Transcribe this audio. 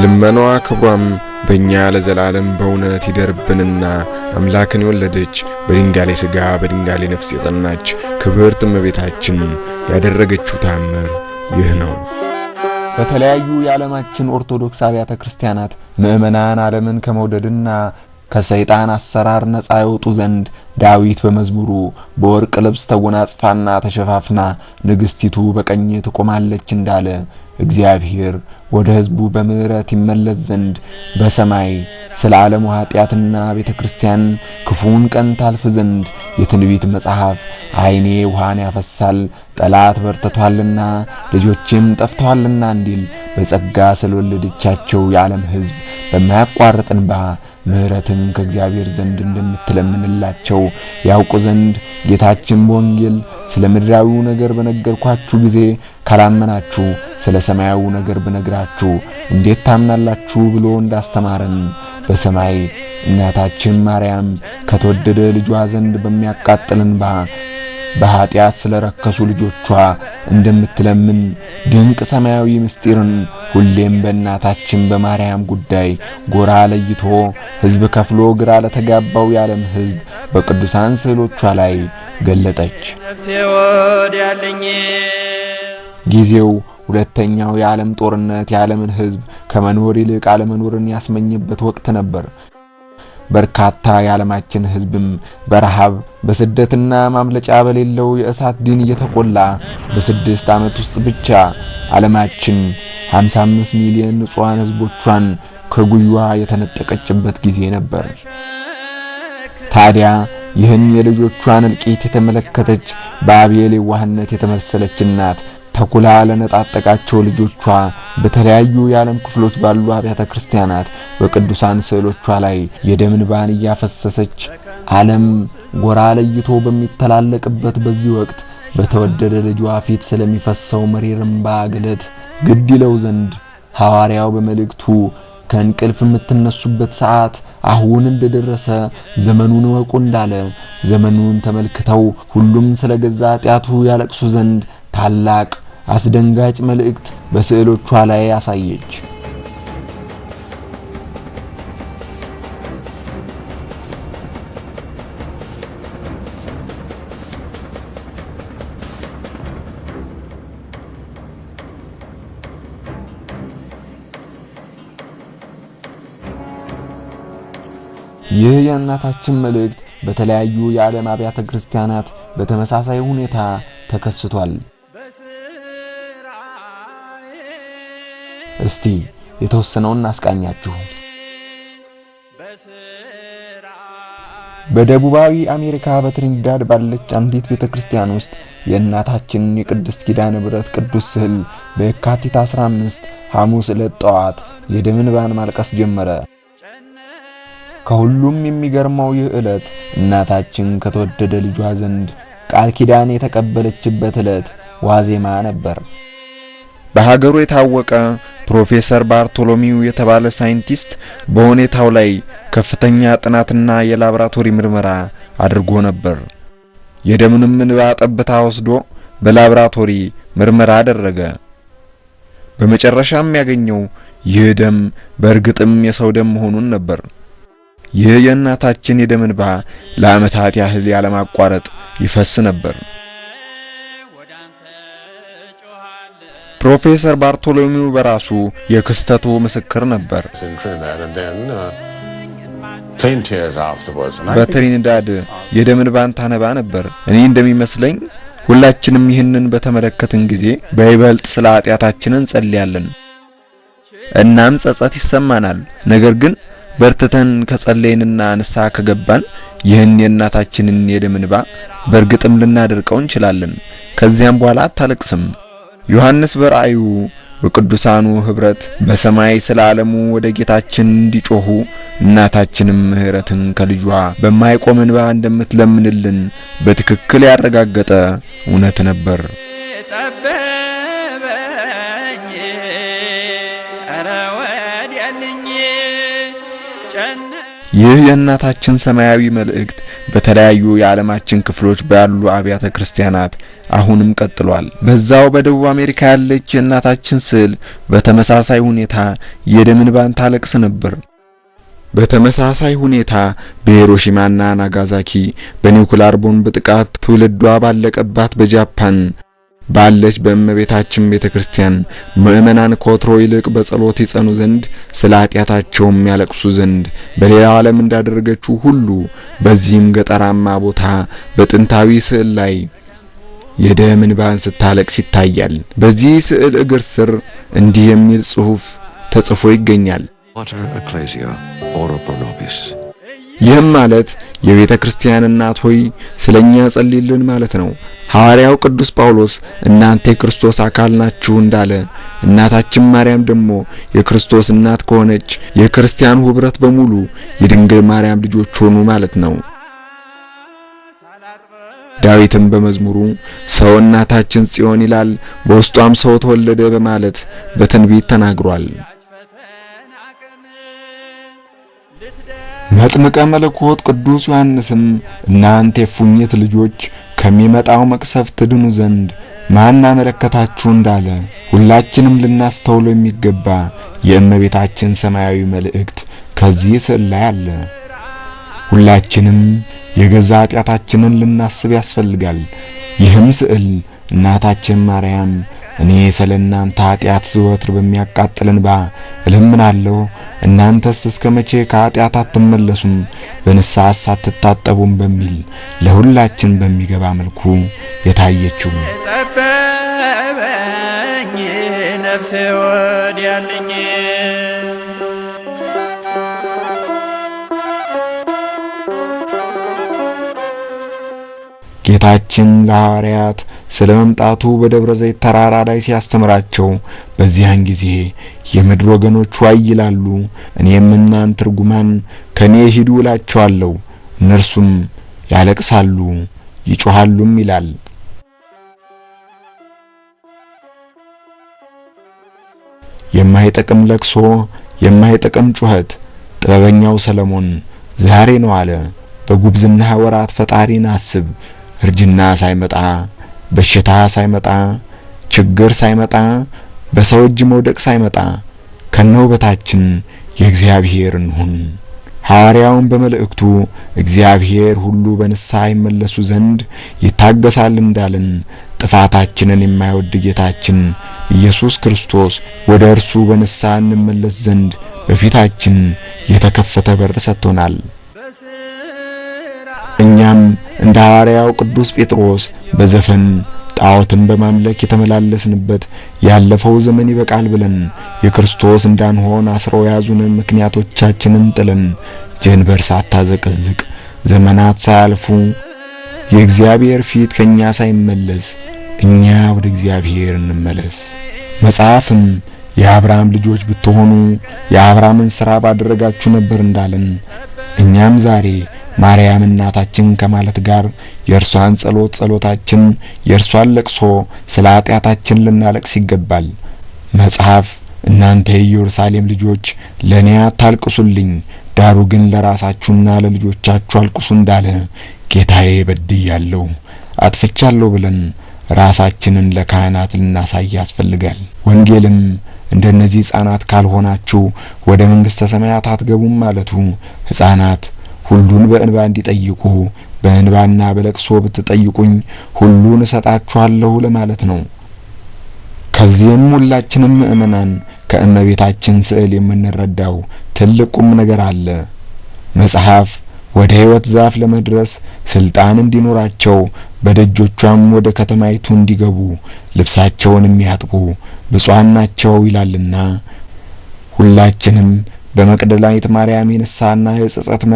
ልመኗ ክብሯም በእኛ ለዘላለም በእውነት ይደርብንና አምላክን የወለደች በድንጋሌ ሥጋ በድንጋሌ ነፍስ የጸናች ክብርት እመቤታችን ያደረገችው ታምር ይህ ነው። በተለያዩ የዓለማችን ኦርቶዶክስ አብያተ ክርስቲያናት ምእመናን ዓለምን ከመውደድና ከሰይጣን አሰራር ነፃ ይወጡ ዘንድ ዳዊት በመዝሙሩ በወርቅ ልብስ ተጎናጽፋና ተሸፋፍና ንግስቲቱ በቀኝ ትቆማለች እንዳለ እግዚአብሔር ወደ ሕዝቡ በምሕረት ይመለስ ዘንድ በሰማይ ስለ ዓለሙ ኃጢአትና ቤተ ክርስቲያን ክፉን ቀን ታልፍ ዘንድ የትንቢት መጽሐፍ አይኔ ውሃን ያፈሳል ጠላት በርተቷልና ልጆቼም ጠፍተዋልና እንዲል በጸጋ ስለወለደቻቸው የዓለም ሕዝብ በማያቋርጥ እንባ ምሕረትም ከእግዚአብሔር ዘንድ እንደምትለምንላቸው ያውቁ ዘንድ ጌታችን በወንጌል ስለ ምድራዊው ነገር በነገርኳችሁ ጊዜ ካላመናችሁ ስለ ሰማያዊው ነገር ብነግራችሁ እንዴት ታምናላችሁ ብሎ እንዳስተማረን በሰማይ እናታችን ማርያም ከተወደደ ልጇ ዘንድ በሚያቃጥልን ባ በኃጢአት ስለረከሱ ልጆቿ እንደምትለምን ድንቅ ሰማያዊ ምስጢርን ሁሌም በእናታችን በማርያም ጉዳይ ጎራ ለይቶ ሕዝብ ከፍሎ ግራ ለተጋባው የዓለም ሕዝብ በቅዱሳን ስዕሎቿ ላይ ገለጠች። ጊዜው ሁለተኛው የዓለም ጦርነት የዓለምን ሕዝብ ከመኖር ይልቅ አለመኖርን ያስመኝበት ወቅት ነበር። በርካታ የዓለማችን ሕዝብም በረሃብ በስደትና ማምለጫ በሌለው የእሳት ዲን እየተቆላ በስድስት ዓመት ውስጥ ብቻ ዓለማችን 55 ሚሊዮን ንጹሃን ህዝቦቿን ከጉዩዋ የተነጠቀችበት ጊዜ ነበር። ታዲያ ይህን የልጆቿን እልቂት የተመለከተች በአብኤል የዋህነት የተመሰለች እናት ተኩላ ለነጣጠቃቸው ልጆቿ በተለያዩ የዓለም ክፍሎች ባሉ አብያተ ክርስቲያናት በቅዱሳን ስዕሎቿ ላይ የደም እንባን እያፈሰሰች ዓለም ጎራ ለይቶ በሚተላለቅበት በዚህ ወቅት በተወደደ ልጇ ፊት ስለሚፈሰው መሪር እንባ ግለት ግድ ይለው ዘንድ ሐዋርያው በመልእክቱ ከእንቅልፍ የምትነሱበት ሰዓት አሁን እንደደረሰ ዘመኑን እወቁ እንዳለ ዘመኑን ተመልክተው ሁሉም ስለ ገዛ ኃጢአቱ ያለቅሱ ዘንድ ታላቅ አስደንጋጭ መልእክት በስዕሎቿ ላይ አሳየች። ይህ የእናታችን መልእክት በተለያዩ የዓለም አብያተ ክርስቲያናት በተመሳሳይ ሁኔታ ተከስቷል። እስቲ የተወሰነውን እናስቃኛችሁ። በደቡባዊ አሜሪካ በትሪኒዳድ ባለች አንዲት ቤተ ክርስቲያን ውስጥ የእናታችን የቅድስት ኪዳነ ምሕረት ቅዱስ ስዕል በየካቲት 15 ሐሙስ ዕለት ጠዋት የደም እንባን ማልቀስ ጀመረ። ከሁሉም የሚገርመው ይህ ዕለት እናታችን ከተወደደ ልጇ ዘንድ ቃል ኪዳን የተቀበለችበት ዕለት ዋዜማ ነበር። በሀገሩ የታወቀ ፕሮፌሰር ባርቶሎሚው የተባለ ሳይንቲስት በሁኔታው ላይ ከፍተኛ ጥናትና የላብራቶሪ ምርመራ አድርጎ ነበር። የደምንም እንባ ጠብታ ወስዶ በላብራቶሪ ምርመራ አደረገ። በመጨረሻም ያገኘው ይህ ደም በእርግጥም የሰው ደም መሆኑን ነበር። ይህ የእናታችን የደም እንባ ለዓመታት ያህል ያለማቋረጥ ይፈስ ነበር። ፕሮፌሰር ባርቶሎሚው በራሱ የክስተቱ ምስክር ነበር። በትሪኒዳድ የደም እንባን ታነባ ነበር። እኔ እንደሚመስለኝ ሁላችንም ይህንን በተመለከትን ጊዜ በይበልጥ ስለ ኃጢአታችን እንጸልያለን፣ እናም ጸጸት ይሰማናል። ነገር ግን በርትተን ከጸለይንና ንስሐ ከገባን ይህን የእናታችንን የደም እንባ በእርግጥም ልናደርቀው እንችላለን። ከዚያም በኋላ አታለቅስም። ዮሐንስ በራእዩ በቅዱሳኑ ኅብረት በሰማይ ስለ ዓለሙ ወደ ጌታችን እንዲጮኹ እናታችንም ምሕረትን ከልጇ በማይቆም እንባ እንደምትለምንልን በትክክል ያረጋገጠ እውነት ነበር። ይህ የእናታችን ሰማያዊ መልእክት በተለያዩ የዓለማችን ክፍሎች ባሉ አብያተ ክርስቲያናት አሁንም ቀጥሏል። በዛው በደቡብ አሜሪካ ያለች የእናታችን ስዕል በተመሳሳይ ሁኔታ የደም እንባን ታለቅስ ነበር። በተመሳሳይ ሁኔታ በሂሮሺማና ናጋዛኪ በኒውክላር ቦምብ ጥቃት ትውልዷ ባለቀባት በጃፓን ባለች በእመቤታችን ቤተ ክርስቲያን ምእመናን ኮትሮ ይልቅ በጸሎት ይጸኑ ዘንድ ስለ ኃጢአታቸውም ያለቅሱ ዘንድ በሌላው ዓለም እንዳደረገችው ሁሉ በዚህም ገጠራማ ቦታ በጥንታዊ ስዕል ላይ የደም እንባን ስታለቅስ ይታያል። በዚህ ስዕል እግር ስር እንዲህ የሚል ጽሑፍ ተጽፎ ይገኛል። ይህም ማለት የቤተ ክርስቲያን እናት ሆይ ስለኛ ጸልይልን ማለት ነው። ሐዋርያው ቅዱስ ጳውሎስ እናንተ የክርስቶስ አካል ናችሁ እንዳለ እናታችን ማርያም ደግሞ የክርስቶስ እናት ከሆነች የክርስቲያኑ ኅብረት በሙሉ የድንግል ማርያም ልጆች ሆኑ ማለት ነው። ዳዊትም በመዝሙሩ ሰው እናታችን ጽዮን ይላል፣ በውስጧም ሰው ተወለደ በማለት በትንቢት ተናግሯል። መጥምቀ መለኮት ቅዱስ ዮሐንስም እናንተ የፉኝት ልጆች ከሚመጣው መቅሰፍት ትድኑ ዘንድ ማን አመለከታችሁ እንዳለ ሁላችንም ልናስተውለው የሚገባ የእመቤታችን ሰማያዊ መልእክት ከዚህ ስዕል ላይ አለ። ሁላችንም የገዛ ኃጢአታችንን ልናስብ ያስፈልጋል። ይህም ስዕል እናታችን ማርያም እኔ ስለ እናንተ ኃጢአት ዘወትር በሚያቃጥል እንባ እለምናለሁ። እናንተስ እስከ መቼ ከኃጢአት አትመለሱም በንስሐስ አትታጠቡም በሚል ለሁላችን በሚገባ መልኩ የታየችው ጠበኝ ነፍሴ ወዲያልኝ ጌታችን ለሐዋርያት ስለ መምጣቱ በደብረ ዘይት ተራራ ላይ ሲያስተምራቸው በዚያን ጊዜ የምድር ወገኖች ዋይ ይላሉ፣ እኔም ትርጉማን ርጉማን ከኔ ሂዱ እላቸዋለሁ። እነርሱም ያለቅሳሉ ይጮሃሉም ይላል። የማይጠቅም ለቅሶ፣ የማይጠቅም ጩኸት። ጥበበኛው ሰለሞን ዛሬ ነው አለ። በጉብዝና ወራት ፈጣሪን አስብ፣ እርጅና ሳይመጣ በሽታ ሳይመጣ ችግር ሳይመጣ በሰው እጅ መውደቅ ሳይመጣ በታችን የእግዚአብሔር እንሁን። ሐዋርያውን በመልእክቱ እግዚአብሔር ሁሉ በንስሐ ይመለሱ ዘንድ ይታገሳል እንዳልን ጥፋታችንን የማይወድ ጌታችን ኢየሱስ ክርስቶስ ወደ እርሱ በንስሐ እንመለስ ዘንድ በፊታችን የተከፈተ በር ሰጥቶናል። እኛም እንደ ሐዋርያው ቅዱስ ጴጥሮስ በዘፈን ጣዖትን በማምለክ የተመላለስንበት ያለፈው ዘመን ይበቃል ብለን የክርስቶስ እንዳንሆን አስረው የያዙንን ምክንያቶቻችንን ጥለን ጀንበር ሳታዘቀዝቅ ዘመናት ሳያልፉ የእግዚአብሔር ፊት ከኛ ሳይመለስ እኛ ወደ እግዚአብሔር እንመለስ። መጽሐፍም የአብርሃም ልጆች ብትሆኑ የአብርሃምን ሥራ ባደረጋችሁ ነበር እንዳለን እኛም ዛሬ ማርያም እናታችን ከማለት ጋር የእርሷን ጸሎት ጸሎታችን፣ የእርሷን ለቅሶ ስለ ኃጢአታችን ልናለቅስ ይገባል። መጽሐፍ እናንተ የኢየሩሳሌም ልጆች ለእኔ አታልቅሱልኝ፣ ዳሩ ግን ለራሳችሁና ለልጆቻችሁ አልቅሱ እንዳለ ጌታዬ በድያለሁ፣ አጥፍቻለሁ ብለን ራሳችንን ለካህናት ልናሳይ ያስፈልጋል። ወንጌልም እንደነዚህ ሕፃናት ካልሆናችሁ ወደ መንግስተ ሰማያት አትገቡም ማለቱ ሕፃናት ሁሉን በእንባ እንዲጠይቁ በእንባና በለቅሶ ብትጠይቁኝ ሁሉን እሰጣችኋለሁ ለማለት ነው። ከዚህም ሁላችንም ምእመናን ከእመቤታችን ስዕል የምንረዳው ትልቅ ቁም ነገር አለ። መጽሐፍ ወደ ሕይወት ዛፍ ለመድረስ ስልጣን እንዲኖራቸው በደጆቿም ወደ ከተማይቱ እንዲገቡ ልብሳቸውን የሚያጥቡ ብፁዓን ናቸው ይላልና ሁላችንም በመቅደላዊት ማርያም የንስሐና የጸጸት